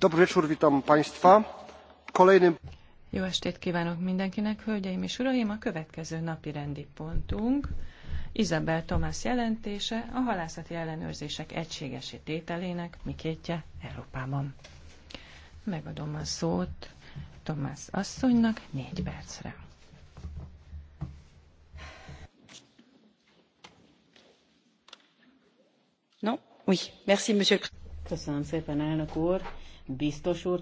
Dobry wieczór, witam Państwa. Kolejnym... Jó estét kívánok mindenkinek, hölgyeim és uraim! A következő napi rendi pontunk Izabel Tomás jelentése a halászati ellenőrzések egységesé tételének mikétje Európában. Megadom a szót Tomás asszonynak négy percre. No, oui, merci, monsieur. Köszönöm szépen, elnök úr, biztos úr.